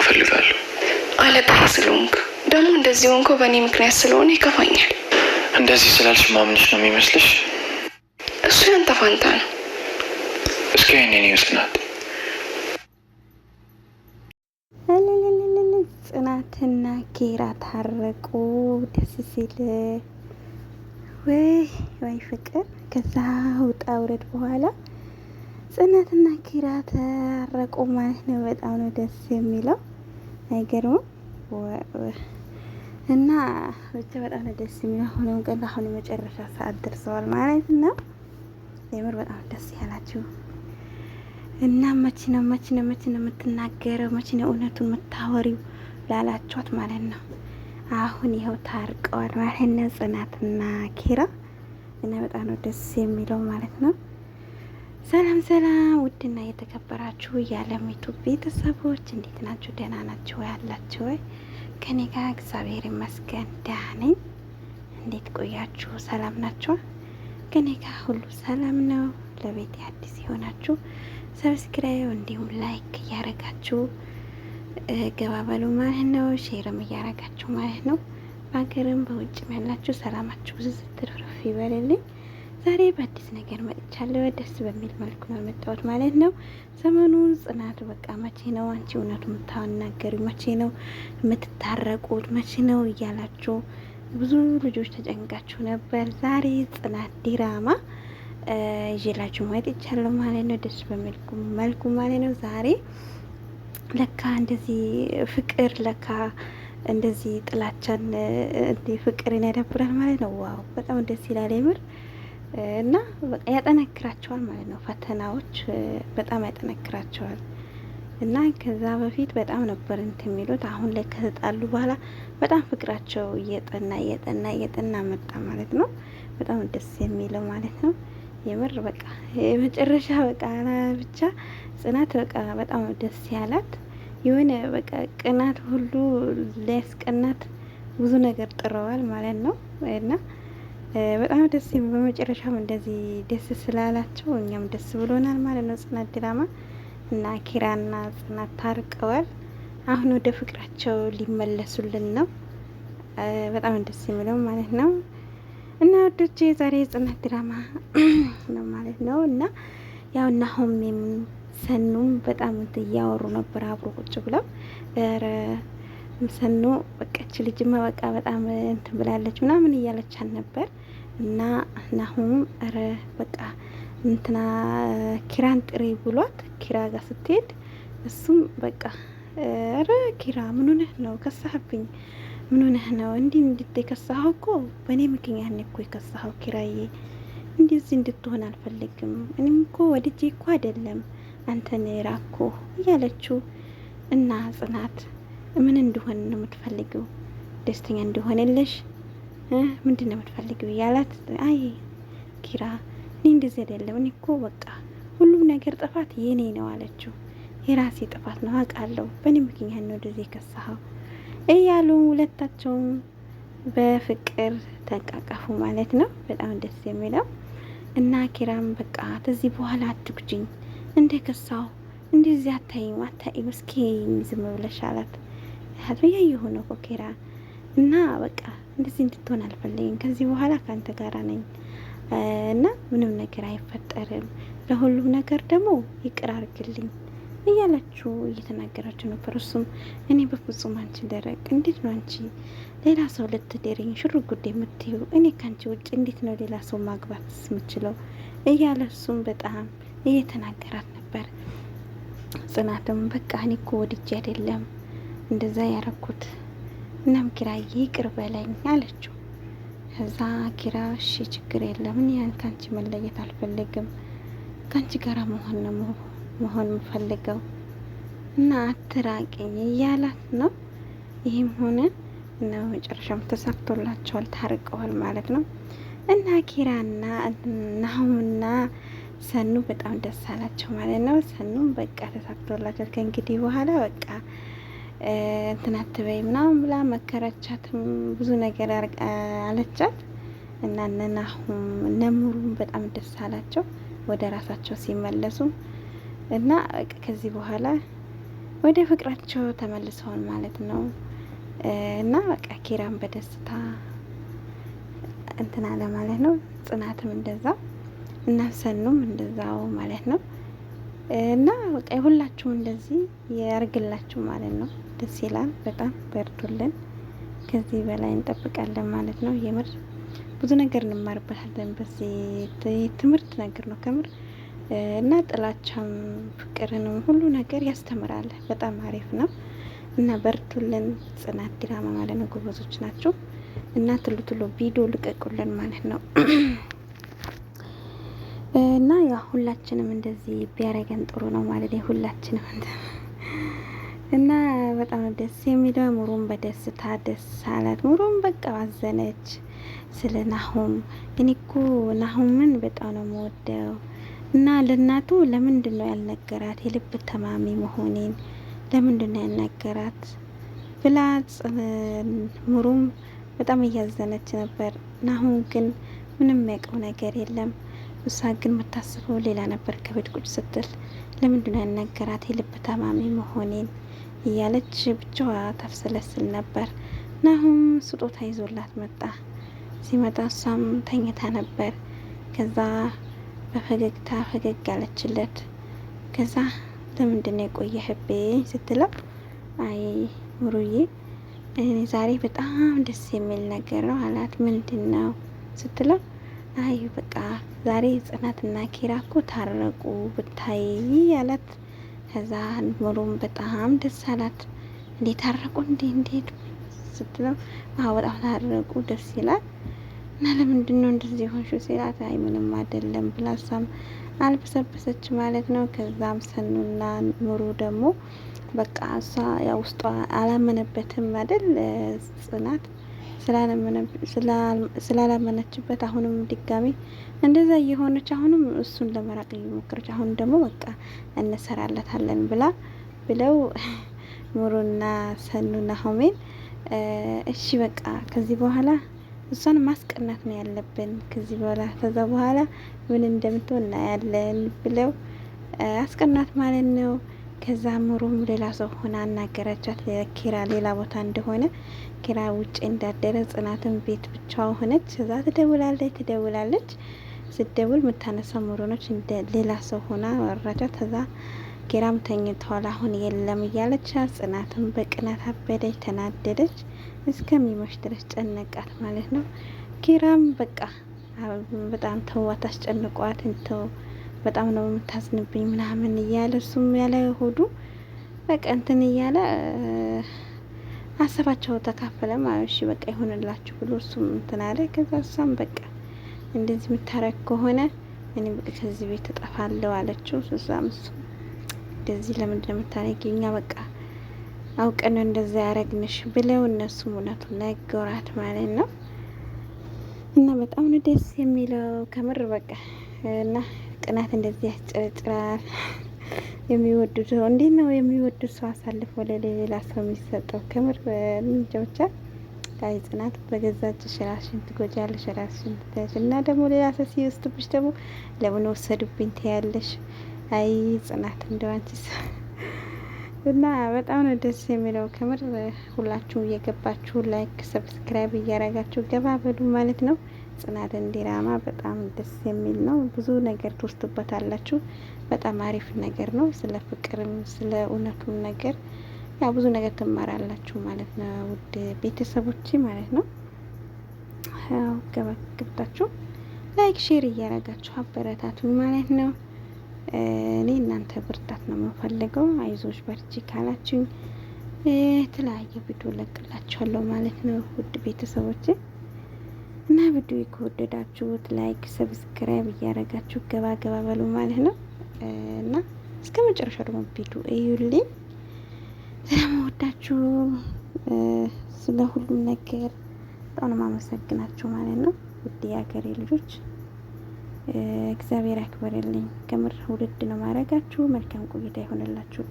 እፈልጋለሁ። አለቃ ስለሆንክ ደግሞ እንደዚህ ሆንከው በእኔ ምክንያት ስለሆነ ይከፋኛል። እንደዚህ ስላልሽ ማምንሽ ነው የሚመስልሽ? እሱ ያንተ ፋንታ ነው። እስኪ ይህንን ይመስናት ጽናትና ኪራ ታረቁ። ደስ ሲል ወይ ወይ ፍቅር ከዛ ውጣ ውረድ በኋላ ጽናትና ኪራ ተረቁ ማለት ነው። በጣም ነው ደስ የሚለው አይገርምም? እና ብቻ በጣም ነው ደስ የሚለው። አሁንም ቀን አሁን የመጨረሻ ሰዓት ደርሰዋል ማለት ነው። የምር በጣም ደስ ያላችሁ እና መቼ ነው መቼ ነው መቼ ነው የምትናገረው መቼ ነው እውነቱን የምታወሪው ላላችኋት ማለት ነው። አሁን ይኸው ታርቀዋል ማለት ነው ጽናትና ኪራ እና በጣም ነው ደስ የሚለው ማለት ነው። ሰላም ሰላም ውድና የተከበራችሁ የዓለም ዩቱብ ቤተሰቦች እንዴት ናችሁ? ደህና ናችሁ ያላችሁ ወይ? ከኔ ጋር እግዚአብሔር ይመስገን ደህና ነኝ። እንዴት ቆያችሁ? ሰላም ናችሁ? ከኔ ጋር ሁሉ ሰላም ነው። ለቤት አዲስ የሆናችሁ ሰብስክራይብ እንዲሁም ላይክ እያረጋችሁ ገባበሉ ማለት ነው። ሼርም እያረጋችሁ ማለት ነው። በሀገርም በውጭም ያላችሁ ሰላማችሁ ዝዝትርፍ ይበልልኝ። ዛሬ በአዲስ ነገር መጥቻለሁ። ደስ በሚል መልኩ ነው የመጣሁት ማለት ነው። ሰሞኑን ጽናት በቃ መቼ ነው አንቺ እውነቱ የምታናገሪ፣ መቼ ነው የምትታረቁት፣ መቼ ነው እያላችሁ ብዙ ልጆች ተጨንቃችሁ ነበር። ዛሬ ጽናት ዲራማ ይዤላችሁ መጥቻለሁ ማለት ነው። ደስ በሚል መልኩ ማለት ነው። ዛሬ ለካ እንደዚህ ፍቅር ለካ እንደዚህ ጥላቻን ፍቅርን ያዳብራል ማለት ነው። ዋው በጣም ደስ ይላል የምር እና ያጠነክራቸዋል ማለት ነው። ፈተናዎች በጣም ያጠነክራቸዋል እና ከዛ በፊት በጣም ነበር እንትን የሚሉት አሁን ላይ ከተጣሉ በኋላ በጣም ፍቅራቸው እየጠና እየጠና እየጠና መጣ ማለት ነው። በጣም ደስ የሚለው ማለት ነው። የምር በቃ የመጨረሻ በቃ ብቻ ጽናት በቃ በጣም ደስ ያላት የሆነ በቃ ቅናት ሁሉ ሊያስቀናት ብዙ ነገር ጥረዋል ማለት ነው እና በጣም ደስ በመጨረሻም እንደዚህ ደስ ስላላቸው እኛም ደስ ብሎናል ማለት ነው። ጽናት ድራማ እና ኪራና ጽናት ታርቀዋል። አሁን ወደ ፍቅራቸው ሊመለሱልን ነው። በጣም ደስ የሚለው ማለት ነው። እና ወዶቼ ዛሬ የጽናት ድራማ ነው ማለት ነው። እና ያው ናሆሜም ሰኑም በጣም እያወሩ ነበር አብሮ ቁጭ ብለው ሰኖ በቃች ልጅማ በቃ በጣም እንትን ብላለች ምናምን እያለቻት ነበር። እና ናሁም ኧረ በቃ እንትና ኪራን ጥሪ ብሏት ኪራ ጋር ስትሄድ እሱም በቃ ኧረ ኪራ ምን ምኑነህ ነው ከሳህብኝ፣ ምን ምኑነህ ነው እንዲህ እንድት የከሳኸው እኮ በእኔ ምክንያት ነው እኮ የከሳኸው ኪራዬ፣ እንደዚህ እንድትሆን አልፈልግም። እኔም እኮ ወድጄ እኮ አይደለም አንተን የራኩ እያለችው እና ጽናት ምን እንደሆነ ነው የምትፈልጊው? ደስተኛ እንደሆነልሽ ምንድን ነው የምትፈልጊው? ያላት አይ ኪራ እኔ እንደዚህ አይደለም እኔ እኮ በቃ ሁሉም ነገር ጥፋት የኔ ነው አለችው። የራሴ ጥፋት ነው አውቃለሁ፣ በእኔ ምክንያት ነው ወደዚህ የከሳኸው እያሉ ሁለታቸውም በፍቅር ተቃቀፉ ማለት ነው። በጣም ደስ የሚለው እና ኪራም በቃ ከዚህ በኋላ አትጉጅኝ እንደ ከሳው እንደዚህ አታይም አታይም፣ እስኪ ዝም ብለሽ አላት። ሀድርያ የሆነ ኮኬራ እና በቃ እንደዚህ እንድትሆን አልፈልግም። ከዚህ በኋላ ከአንተ ጋር ነኝ እና ምንም ነገር አይፈጠርም። ለሁሉም ነገር ደግሞ ይቅር አርግልኝ እያላችሁ እየተናገራችሁ ነበር። እሱም እኔ በፍጹም አንቺ ደረቅ፣ እንዴት ነው አንቺ ሌላ ሰው ልትደርኝ ሽሩ ጉድ የምትይው? እኔ ከአንቺ ውጭ እንዴት ነው ሌላ ሰው ማግባት የምችለው? እያለ እሱም በጣም እየተናገራት ነበር። ጽናትም በቃ እኔ እኮ ወድጄ አይደለም እንደዛ ያረኩት። እናም ኪራ ይቅር በለኝ አለችው። እዛ ኪራ እሺ ችግር የለም ያን ከአንቺ መለየት አልፈልግም፣ ከአንቺ ጋራ መሆን ነው መሆን የምፈልገው እና አትራቅኝ እያላት ነው። ይህም ሆነ ነው መጨረሻም ተሳክቶላቸዋል፣ ታርቀዋል ማለት ነው። እና ኪራና ናሁምና ሰኑ በጣም ደስ አላቸው ማለት ነው። ሰኑም በቃ ተሳክቶላቸዋል። ከእንግዲህ በኋላ በቃ እንትን አትበይ ምናምን ብላ መከረቻት፣ ብዙ ነገር አለቻት። እና እነናሁም እነምሩም በጣም ደስ አላቸው ወደ ራሳቸው ሲመለሱ እና ከዚህ በኋላ ወደ ፍቅራቸው ተመልሰዋል ማለት ነው። እና በቃ ኪራም በደስታ እንትን አለ ማለት ነው። ጽናትም እንደዛ እና ሰኑም እንደዛው ማለት ነው። እና በቃ የሁላችሁ እንደዚህ ያርግላችሁ ማለት ነው። ደስ ይላል በጣም በርቶልን፣ ከዚህ በላይ እንጠብቃለን ማለት ነው። የምር ብዙ ነገር እንማርበታለን በዚህ ትምህርት ነገር ነው ከምር እና ጥላቻም ፍቅርንም ሁሉ ነገር ያስተምራል። በጣም አሪፍ ነው እና በርቱልን። ጽናት ዲራማ ማለት ነው ጎበዞች ናቸው እና ትሉ ትሉ ቪዲዮ ልቀቁልን ማለት ነው። እና ያ ሁላችንም እንደዚህ ቢያረገን ጥሩ ነው ማለት ሁላችንም እና በጣም ደስ የሚለው ሙሩም በደስታ ደስ አላት። ሙሩም በቃ አዘነች ስለ ናሁም። እኔ እኮ ናሁምን በጣም ነው የምወደው እና ለእናቱ ለምንድን ነው ያልነገራት የልብ ተማሚ መሆኔን ለምንድን ነው ያልነገራት ብላ ሙሩም በጣም እያዘነች ነበር። ናሁም ግን ምንም ያውቀው ነገር የለም ውሳ ግን የምታስበው ሌላ ነበር። ከቤት ቁጭ ስትል ለምንድን ያነገራት የልብ ታማሚ መሆኔን እያለች ብቻዋ ታፍሰለስል ነበር። ናሁም ስጦታ ይዞላት መጣ። ሲመጣ እሷም ተኝታ ነበር። ከዛ በፈገግታ ፈገግ አለችለት። ከዛ ለምንድን ነው የቆየህብኝ ስትለው አይ ምሩዬ እኔ ዛሬ በጣም ደስ የሚል ነገር ነው አላት። ምንድን ነው ስትለው አይ በቃ ዛሬ ጽናትና ኪራ እኮ ታረቁ ብታይ አላት። ከዛ ምሩም በጣም ደስ አላት። እንዴ ታረቁ እንዴ እንዴት ስትለው አዎ በጣም ታረቁ ደስ ይላል። እና ለምንድን ነው እንደዚህ ሆንሹ ሲላት አይ ምንም አይደለም ብላ እሷም አልበሰበሰች ማለት ነው። ከዛም ሰኑና ምሩ ደግሞ በቃ እሷ ያው ውስጧ አላመነበትም አይደል ጽናት ስላላመነችበት አሁንም ድጋሚ እንደዛ እየሆነች አሁንም እሱን ለመራቅ እየሞከረች አሁን ደግሞ በቃ እንሰራለታለን ብላ ብለው ሙሩና ሰኑና ሆሜን እሺ በቃ ከዚህ በኋላ እሷን ማስቀናት ነው ያለብን። ከዚህ በኋላ ከዛ በኋላ ምን እንደምትሆን እናያለን ብለው አስቀናት ማለት ነው። ከዛ ምሩም ሌላ ሰው ሆና አናገረቻት ኪራ ሌላ ቦታ እንደሆነ ኪራ ውጭ እንዳደረ ጽናትን ቤት ብቻ ሆነች። እዛ ትደውላለች ትደውላለች ስደውል የምታነሳ ምሩ ነች። እንደ ሌላ ሰው ሆና ወራቻት። ከዛ ኪራም ተኝተዋል አሁን የለም እያለች ጽናትን በቅናት አበደች፣ ተናደደች። እስከሚመሽ ድረስ ጨነቃት ማለት ነው። ኪራም በቃ በጣም ተዋት፣ አስጨንቋት እንተው በጣም ነው የምታዝንብኝ ምናምን እያለ እርሱም ያለ ሆዱ በቃ እንትን እያለ አሰባቸው ተካፈለ ማለት እሺ በቃ ይሆንላችሁ ብሎ እርሱም እንትን አለ። ከዛ እሷም በቃ እንደዚህ የምታረግ ከሆነ እኔ በቃ ከዚህ ቤት እጠፋለሁ አለችው። እሷም እሱ እንደዚህ ለምንድን ነው የምታረጊው? እኛ በቃ አውቀን እንደዛ ያረግንሽ ብለው እነሱም እውነቱ ነገራት ማለት ነው። እና በጣም ነው ደስ የሚለው ከምር በቃ እና ቅናት እንደዚህ ያስጨረጭራል። የሚወዱት እንዴት ነው የሚወዱት ሰው አሳልፎ ለሌላ ሰው የሚሰጠው? ክምር እንጃ ብቻ ቃይ ጽናት በገዛችሽ ራስሽን ትጎጃለሽ፣ ራስሽን ትታያለሽ። እና ደግሞ ሌላ ሰው ሲወስድብሽ ደግሞ ለምን ወሰዱብኝ ትያለሽ። አይ ጽናት እንደው አንቺስ እና በጣም ነው ደስ የሚለው ክምር። ሁላችሁ እየገባችሁ ላይክ፣ ሰብስክራይብ እያረጋችሁ ገባ በሉ ማለት ነው። ጽናትን ዲራማ በጣም ደስ የሚል ነው። ብዙ ነገር ትወስዱበታላችሁ። በጣም አሪፍ ነገር ነው። ስለ ፍቅርም ስለ እውነቱም ነገር ያው ብዙ ነገር ትማራላችሁ ማለት ነው። ውድ ቤተሰቦች ማለት ነው። ያው ገብታችሁ ላይክ፣ ሼር እያረጋችሁ አበረታቱኝ ማለት ነው። እኔ እናንተ ብርታት ነው የምፈልገው። አይዞች በርቺ ካላችሁኝ የተለያየ ቪዲዮ ለቅላችኋለሁ ማለት ነው። ውድ ቤተሰቦቼ እና ቪዲዮ ከወደዳችሁት ላይክ፣ ሰብስክራይብ እያደረጋችሁ ገባ ገባ በሉ ማለት ነው። እና እስከ መጨረሻው ደግሞ ቪዲዮ እዩልኝ። ስለመወዳችሁ ስለ ሁሉም ነገር በጣም ነው የማመሰግናችሁ ማለት ነው። ውድ የሀገሬ ልጆች እግዚአብሔር ያክበርልኝ። ከምር ውድድ ነው ማድረጋችሁ። መልካም ቆይታ ይሆንላችሁ።